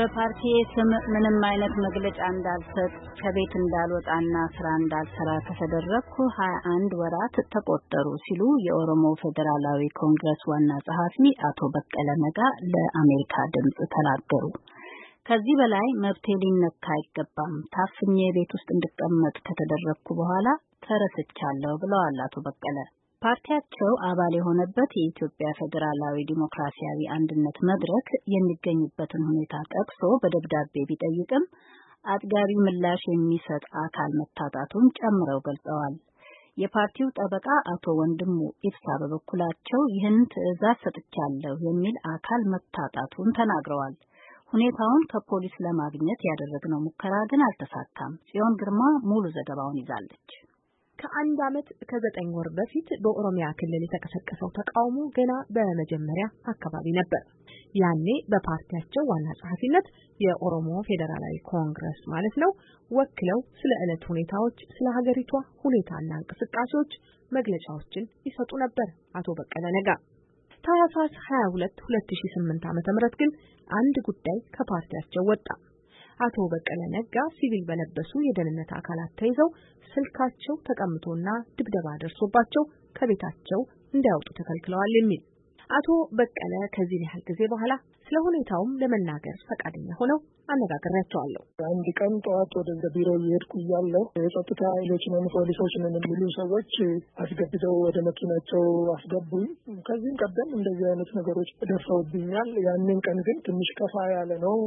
በፓርቲ ስም ምንም አይነት መግለጫ እንዳልሰጥ ከቤት እንዳልወጣና ስራ እንዳልሰራ ከተደረግኩ ሀያ አንድ ወራት ተቆጠሩ ሲሉ የኦሮሞ ፌዴራላዊ ኮንግረስ ዋና ጸሐፊ አቶ በቀለ ነጋ ለአሜሪካ ድምፅ ተናገሩ። ከዚህ በላይ መብቴ ሊነካ አይገባም። ታፍኜ ቤት ውስጥ እንድቀመጥ ከተደረግኩ በኋላ ተረስቻለሁ ብለዋል አቶ በቀለ። ፓርቲያቸው አባል የሆነበት የኢትዮጵያ ፌዴራላዊ ዲሞክራሲያዊ አንድነት መድረክ የሚገኝበትን ሁኔታ ጠቅሶ በደብዳቤ ቢጠይቅም አጥጋቢ ምላሽ የሚሰጥ አካል መታጣቱን ጨምረው ገልጸዋል። የፓርቲው ጠበቃ አቶ ወንድሙ ኢብሳ በበኩላቸው ይህን ትዕዛዝ ሰጥቻለሁ የሚል አካል መታጣቱን ተናግረዋል። ሁኔታውን ከፖሊስ ለማግኘት ያደረግነው ሙከራ ግን አልተሳካም። ጽዮን ግርማ ሙሉ ዘገባውን ይዛለች። ከአንድ ዓመት ከዘጠኝ ወር በፊት በኦሮሚያ ክልል የተቀሰቀሰው ተቃውሞ ገና በመጀመሪያ አካባቢ ነበር። ያኔ በፓርቲያቸው ዋና ጸሐፊነት የኦሮሞ ፌዴራላዊ ኮንግረስ ማለት ነው ወክለው ስለ ዕለት ሁኔታዎች፣ ስለ ሀገሪቷ ሁኔታና እንቅስቃሴዎች መግለጫዎችን ይሰጡ ነበር አቶ በቀለ ነጋ። ታህሳስ 22 2008 ዓ.ም ግን አንድ ጉዳይ ከፓርቲያቸው ወጣ። አቶ በቀለ ነጋ ሲቪል በለበሱ የደህንነት አካላት ተይዘው ስልካቸው ተቀምቶና ድብደባ ደርሶባቸው ከቤታቸው እንዳይወጡ ተከልክለዋል የሚል አቶ በቀለ ከዚህን ያህል ጊዜ በኋላ ስለ ሁኔታውም ለመናገር ፈቃደኛ ሆነው አነጋግሬያቸዋለሁ። አንድ ቀን ጠዋት ወደ ቢሮ እየሄድኩ እያለሁ የጸጥታ ኃይሎች ነን፣ ፖሊሶች ነን የሚሉ ሰዎች አስገብተው ወደ መኪናቸው አስገቡኝ። ከዚህም ቀደም እንደዚህ አይነት ነገሮች ደርሰውብኛል። ያንን ቀን ግን ትንሽ ከፋ ያለ ነው።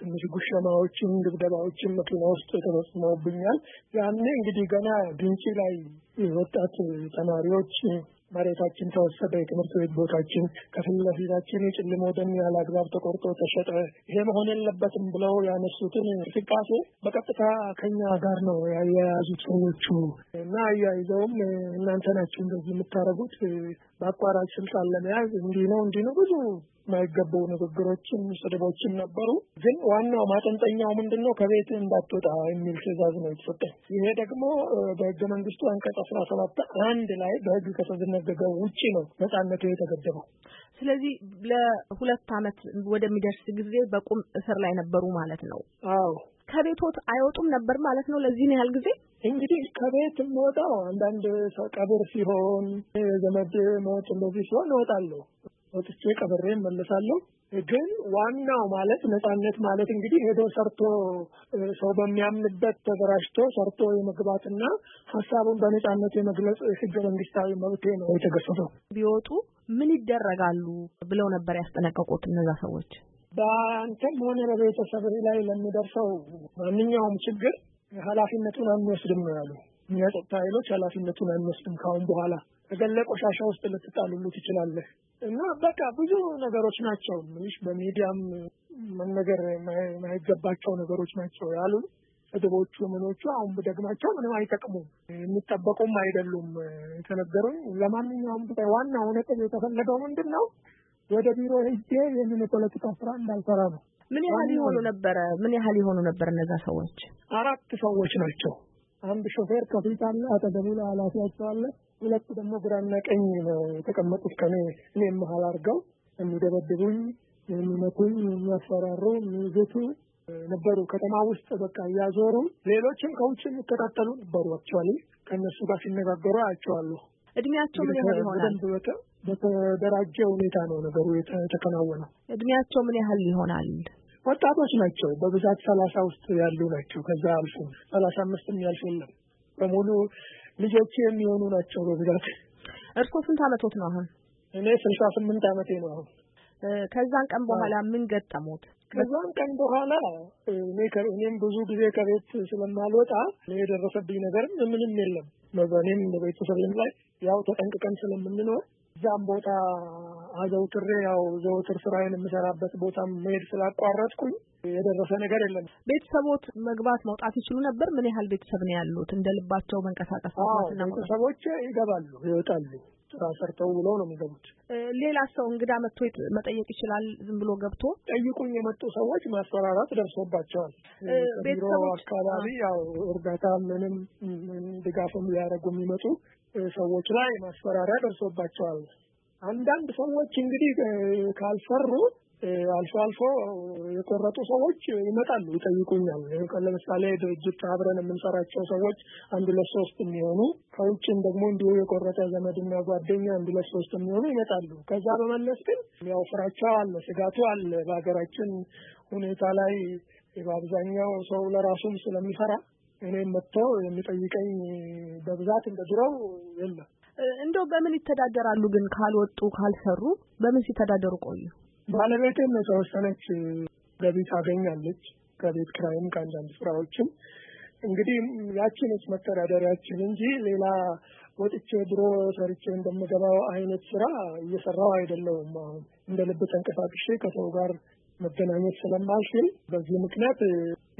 ትንሽ ጉሸማዎችን፣ ድብደባዎችን መኪና ውስጥ ተፈጽመውብኛል። ያኔ እንግዲህ ገና ግንጪ ላይ ወጣት ተማሪዎች መሬታችን ተወሰደ፣ የትምህርት ቤት ቦታችን ከፊት ለፊታችን የጭልሞ ደን ያለ አግባብ ተቆርጦ ተሸጠ፣ ይሄ መሆን የለበትም ብለው ያነሱትን እንቅስቃሴ በቀጥታ ከኛ ጋር ነው ያያያዙት ሰዎቹ እና አያይዘውም እናንተ ናችሁ እንደዚህ የምታደርጉት በአቋራጭ ስልጣን ለመያዝ እንዲህ ነው እንዲህ ነው ብዙ የማይገባው ንግግሮችን፣ ስድቦችን ነበሩ። ግን ዋናው ማጠንጠኛው ምንድን ነው? ከቤት እንዳትወጣ የሚል ትዕዛዝ ነው የተሰጠኝ። ይሄ ደግሞ በህገ መንግስቱ አንቀጽ አስራ ሰባት አንድ ላይ በህግ ከተደነገገው ውጭ ነው ነጻነቱ የተገደበው። ስለዚህ ለሁለት አመት ወደሚደርስ ጊዜ በቁም እስር ላይ ነበሩ ማለት ነው። አዎ ከቤቶት አይወጡም ነበር ማለት ነው። ለዚህ ያህል ጊዜ እንግዲህ ከቤት የምወጣው አንዳንድ ቀብር ሲሆን፣ ዘመድ ሞት እንደዚህ ሲሆን እወጣለሁ። ወጥቼ ቀበሬን መለሳለሁ። ግን ዋናው ማለት ነጻነት ማለት እንግዲህ ሄዶ ሰርቶ ሰው በሚያምንበት ተደራጅቶ ሰርቶ የመግባትና ሀሳቡን በነጻነት የመግለጽ ህገ መንግስታዊ መብቴ ነው የተገሰሰው። ቢወጡ ምን ይደረጋሉ ብለው ነበር ያስጠነቀቁት እነዛ ሰዎች። በአንተም ሆነ በቤተሰብ ላይ ለሚደርሰው ማንኛውም ችግር ኃላፊነቱን አንወስድም ነው ያሉ። የጸጥታ ኃይሎች ኃላፊነቱን አንወስድም ካሁን በኋላ ገለ ቆሻሻ ውስጥ ልትጣል ትችላለህ። እና በቃ ብዙ ነገሮች ናቸው ምንሽ በሚዲያም መነገር የማይገባቸው ነገሮች ናቸው ያሉ ስድቦቹ ምኖቹ አሁን ብደግማቸው ምንም አይጠቅሙም፣ የሚጠበቁም አይደሉም የተነገሩኝ። ለማንኛውም ዋናው ነጥብ የተፈለገው ምንድን ነው? ወደ ቢሮ ሄጄ ይህንን የፖለቲካ ስራ እንዳልሰራ ነው። ምን ያህል የሆኑ ነበረ? ምን ያህል የሆኑ ነበር እነዛ ሰዎች? አራት ሰዎች ናቸው። አንድ ሾፌር ከፊት አለ፣ አጠገቡ ላይ ኃላፊያቸው አለ፣ ሁለቱ ደግሞ ግራና ቀኝ ነው የተቀመጡት። ከኔ እኔ መሀል አድርገው የሚደበድቡኝ፣ የሚመቱኝ፣ የሚያስፈራሩ፣ የሚይዙቱ ነበሩ። ከተማ ውስጥ በቃ እያዞሩ ሌሎችም ከውጭ የሚከታተሉ ነበሩ። አክቹዋሊ ከእነሱ ጋር ሲነጋገሩ አያቸዋለሁ። እድሜያቸው ምን ያህል ይሆናል? በተደራጀ ሁኔታ ነው ነገሩ የተከናወነው። እድሜያቸው ምን ያህል ይሆናል? ወጣቶች ናቸው በብዛት ሰላሳ ውስጥ ያሉ ናቸው። ከዛ አልፎ ሰላሳ አምስትም ያልፍ በሙሉ ልጆች የሚሆኑ ናቸው በብዛት። እርስዎ ስንት አመቶት ነው አሁን? እኔ ስልሳ ስምንት አመቴ ነው አሁን። ከዛን ቀን በኋላ ምን ገጠሙት? ከዛን ቀን በኋላ እኔ እኔም ብዙ ጊዜ ከቤት ስለማልወጣ የደረሰብኝ ነገር ምንም የለም። በእኔም በቤተሰብም ላይ ያው ተጠንቅቀን ስለምንኖር እዛም ቦታ አዘውትሬ ያው ዘውትር ስራዬን የምሰራበት ቦታ መሄድ ስላቋረጥኩኝ የደረሰ ነገር የለም። ቤተሰቦት መግባት መውጣት ይችሉ ነበር? ምን ያህል ቤተሰብ ነው ያሉት? እንደ ልባቸው መንቀሳቀስ ቤተሰቦች ይገባሉ፣ ይወጣሉ። ስራ ሰርተው ብለው ነው የሚገቡት። ሌላ ሰው እንግዳ መጥቶ መጠየቅ ይችላል? ዝም ብሎ ገብቶ ጠይቁኝ የመጡ ሰዎች ማስፈራራት ደርሶባቸዋል። ቢሮ አካባቢ ያው እርዳታ ምንም ድጋፍም ሊያደርጉ የሚመጡ ሰዎች ላይ ማስፈራሪያ ደርሶባቸዋል። አንዳንድ ሰዎች እንግዲህ ካልፈሩ አልፎ አልፎ የቆረጡ ሰዎች ይመጣሉ፣ ይጠይቁኛል። ለምሳሌ ድርጅት አብረን የምንሰራቸው ሰዎች አንድ ለሶስት የሚሆኑ ከውጭም ደግሞ እንዲሁ የቆረጠ ዘመድና ጓደኛ አንድ ለሶስት የሚሆኑ ይመጣሉ። ከዛ በመለስ ግን ያው ፍራቻው አለ፣ ስጋቱ አለ። በሀገራችን ሁኔታ ላይ በአብዛኛው ሰው ለራሱም ስለሚፈራ እኔም መጥቶ የሚጠይቀኝ በብዛት እንደ ድሮው የለም። እንደው በምን ይተዳደራሉ ግን ካልወጡ ካልሰሩ በምን ሲተዳደሩ ቆዩ? ባለቤቴም የተወሰነች ገቢ ታገኛለች ከቤት ክራይም ከአንዳንድ ስራዎችም እንግዲህ ያችንች መተዳደሪያችን እንጂ ሌላ ወጥቼ ድሮ ሰርቼ እንደምገባው አይነት ስራ እየሰራው አይደለውም። አሁን እንደ ልብ ተንቀሳቅሼ ከሰው ጋር መገናኘት ስለማልችል በዚህ ምክንያት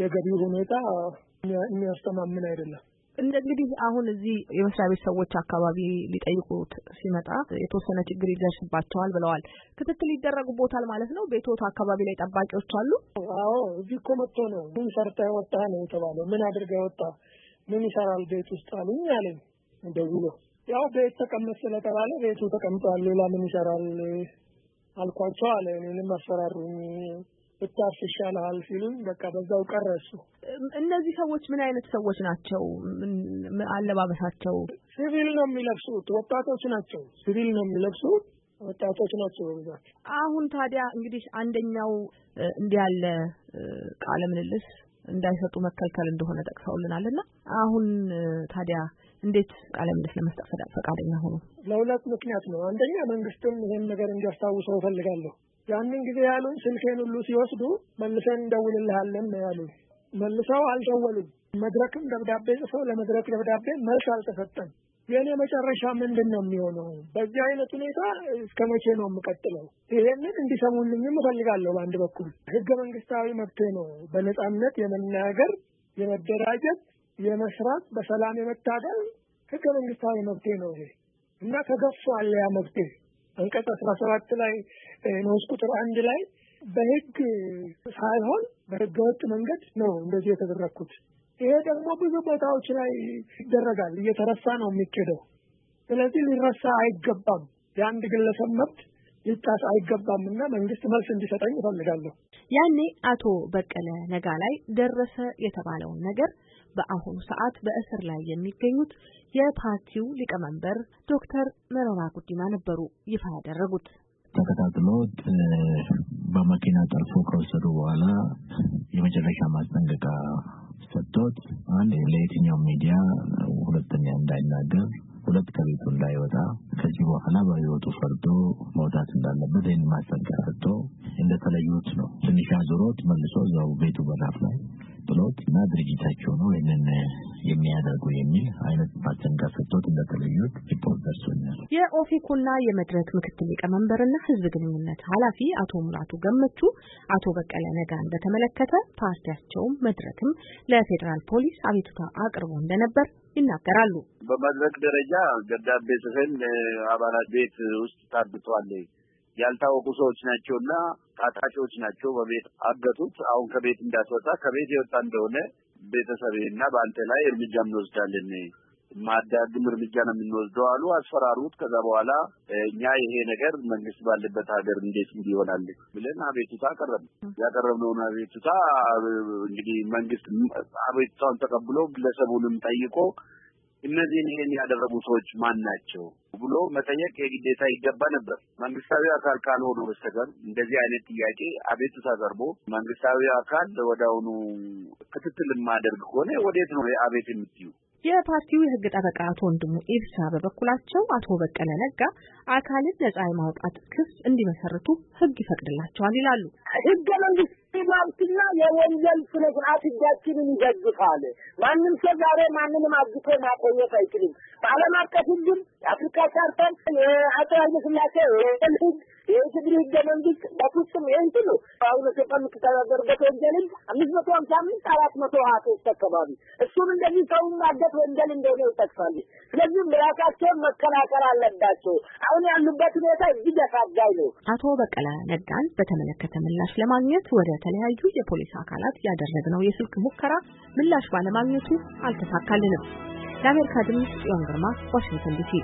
የገቢው ሁኔታ የሚያስተማምን አይደለም። እንደ እንግዲህ አሁን እዚህ የመስሪያ ቤት ሰዎች አካባቢ ሊጠይቁት ሲመጣ የተወሰነ ችግር ይደርስባቸዋል ብለዋል። ክትትል ይደረጉቦታል ማለት ነው። ቤቶት አካባቢ ላይ ጠባቂዎች አሉ። አዎ፣ እዚህ እኮ መጥቶ ነው ምን ሰርታ ወጣ ነው የተባለው። ምን አድርጋ ወጣ፣ ምን ይሰራል ቤት ውስጥ አሉኝ አለኝ። እንደውሎ ያው ቤት ተቀመጥ ስለተባለ ቤቱ ተቀምጧል፣ ሌላ ምን ይሰራል አልኳቸው አለ። እኔንም አሰራሩኝ ብታርፍ ይሻላል ሲሉኝ በቃ በዛው ቀረሱ። እነዚህ ሰዎች ምን አይነት ሰዎች ናቸው? አለባበሳቸው ሲቪል ነው የሚለብሱት። ወጣቶች ናቸው። ሲቪል ነው የሚለብሱት። ወጣቶች ናቸው በብዛት። አሁን ታዲያ እንግዲህ አንደኛው እንዲህ ያለ ቃለ ምልልስ እንዳይሰጡ መከልከል እንደሆነ ጠቅሰውልናልና አሁን ታዲያ እንዴት ቃለ ምልልስ ለመስጠት ፈቃደኛ ሆኑ? ለሁለት ምክንያት ነው። አንደኛ መንግስትም ይህን ነገር እንዲያስታውሰው እፈልጋለሁ። ያንን ጊዜ ያሉን ስልኬን ሁሉ ሲወስዱ መልሰን እንደውልልሃለን ነው ያሉን። መልሰው አልደወሉም። መድረክም ደብዳቤ ጽፈው ለመድረክ ደብዳቤ መልስ አልተሰጠም። የእኔ መጨረሻ ምንድን ነው የሚሆነው? በዚህ አይነት ሁኔታ እስከ መቼ ነው የምቀጥለው? ይሄንን እንዲሰሙልኝም እፈልጋለሁ። በአንድ በኩል ህገ መንግስታዊ መብቴ ነው በነጻነት የመናገር፣ የመደራጀት፣ የመስራት፣ በሰላም የመታገል ህገ መንግስታዊ መብቴ ነው ይሄ እና ተገፏል ያ መብቴ አንቀጽ አስራ ሰባት ላይ ንዑስ ቁጥር አንድ ላይ በህግ ሳይሆን በህገወጥ መንገድ ነው እንደዚህ የተደረግኩት። ይሄ ደግሞ ብዙ ቦታዎች ላይ ይደረጋል፣ እየተረሳ ነው የሚኬደው። ስለዚህ ሊረሳ አይገባም። የአንድ ግለሰብ መብት ሊጣስ አይገባምና መንግስት መልስ እንዲሰጠኝ እፈልጋለሁ። ያኔ አቶ በቀለ ነጋ ላይ ደረሰ የተባለውን ነገር በአሁኑ ሰዓት በእስር ላይ የሚገኙት የፓርቲው ሊቀመንበር ዶክተር መረራ ጉዲና ነበሩ ይፋ ያደረጉት። ተከታትሎት በመኪና ጠልፎ ከወሰዱ በኋላ የመጨረሻ ማስጠንቀቂያ ሰጥቶት አንድ ለየትኛው ሚዲያ ሁለተኛ እንዳይናገር ሁለት ከቤቱ እንዳይወጣ ከዚህ በኋላ በህይወቱ ፈርዶ መውጣት እንዳለበት ይህን ማስጠንቀቂያ ሰጥቶ እንደተለዩት ነው። ትንሽ አዙሮት መልሶ እዛው ቤቱ በራፍ ላይ ጥሎት እና ድርጅታቸው ነው ይህንን የሚያደርጉ የሚል አይነት ማስጠንቀቂያ ሰጥቶት እንደተለዩት ሪፖርት ደርሶኛል። የኦፌኮና የመድረክ ምክትል ሊቀመንበርና ህዝብ ግንኙነት ኃላፊ አቶ ሙላቱ ገመቹ አቶ በቀለ ነጋን በተመለከተ ፓርቲያቸውም መድረክም ለፌዴራል ፖሊስ አቤቱታ አቅርቦ እንደነበር ይናገራሉ። በመድረክ ደረጃ ደብዳቤ ጽፈን አባላት ቤት ውስጥ ታግቷል። ያልታወቁ ሰዎች ናቸውና ታጣቂዎች ናቸው። በቤት አገቱት። አሁን ከቤት እንዳትወጣ ከቤት የወጣ እንደሆነ ቤተሰብና በአንተ ላይ እርምጃ እንወስዳለን ማዳግም እርምጃ ነው የምንወስደው አሉ። አስፈራሩት። ከዛ በኋላ እኛ ይሄ ነገር መንግስት ባለበት ሀገር እንዴት ይሆናል ብለን አቤቱታ አቀረብ ያቀረብነውን አቤቱታ እንግዲህ መንግስት አቤቱታውን ተቀብሎ ግለሰቡንም ጠይቆ እነዚህን ይሄን ያደረጉ ሰዎች ማን ናቸው ብሎ መጠየቅ የግዴታ ይገባ ነበር። መንግስታዊ አካል ካልሆነ በስተቀር እንደዚህ አይነት ጥያቄ አቤቱታ ቀርቦ መንግስታዊ አካል ወደ አሁኑ ክትትል የማደርግ ከሆነ ወዴት ነው አቤት የምትዩ? የፓርቲው የህግ ጠበቃ አቶ ወንድሙ ኢብሳ በበኩላቸው አቶ በቀለ ነጋ አካልን ነጻ የማውጣት ክስ እንዲመሰርቱ ህግ ይፈቅድላቸዋል ይላሉ። ህገ መንግስት መብትና የወንጀል ስነ ስርዓት ህጋችንን ይደግፋል። ማንም ሰው ዛሬ ማንንም አግቶ ማቆየት አይችልም። በዓለም አቀፍ ህግም የአፍሪካ ቻርተር የአፄ ኃይለ ወንጀል ህግ የኢፌዴሪ ህገ መንግስት በፍጹም ይህን ስሉ አሁን ኢትዮጵያ የምትተዳደርበት ወንጀል አምስት መቶ ሀምሳ አምስት አራት መቶ ሀያ ሶስት አካባቢ እሱም እንደዚህ ሰው ማገት ወንጀል እንደሆነ ይጠቅሳሉ። ስለዚህም ራሳቸውን መከላከል አለባቸው። አሁን ያሉበት ሁኔታ እጅግ አሳዛኝ ነው። አቶ በቀለ ነጋን በተመለከተ ምላሽ ለማግኘት ወደ ተለያዩ የፖሊስ አካላት ያደረግነው የስልክ ሙከራ ምላሽ ባለማግኘቱ አልተሳካልንም። ለአሜሪካ ድምፅ ጽዮን ግርማ ዋሽንግተን ዲሲ